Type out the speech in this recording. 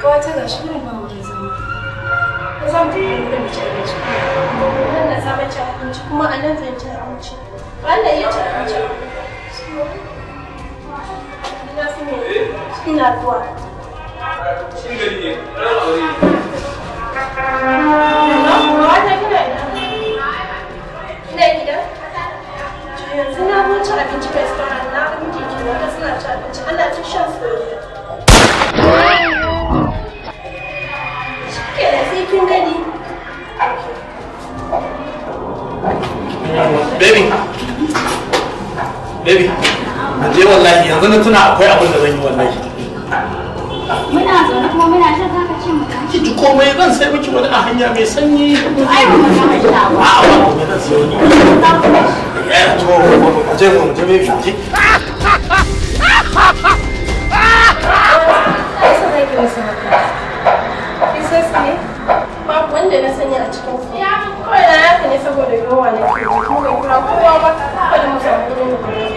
Kawata ga shi nan ba wurin zama. Ba za mu je yin da abinci. Nan na saba ci abinci kuma a nan zan ci abinci. Ba na iya ci abinci. Ina fi ne. Ina zuwa. Shin gari ne, Wata kina Yanzu na mun ci abinci restaurant na mun ke suna ci abinci ana ta shan soyayya. sai kin gani. Baby. Baby. Je wallahi yanzu na tuna akwai abin da zan yi wallahi. Muna zaune kuma muna shan kaka ce mu ki ji komai zan sai miki wani a hanya mai sanyi. Ai ba mu ga shi ba. A'a ba mu ga sai wani. Eh to ba je mu je baby ji. Ha ha ha ha ha ha ha ha ha ha ha ha babu wanda na sani a cikin su kawai na yaka ne saboda yawa na ke kuma ga kira kowa ba kawai mutane ne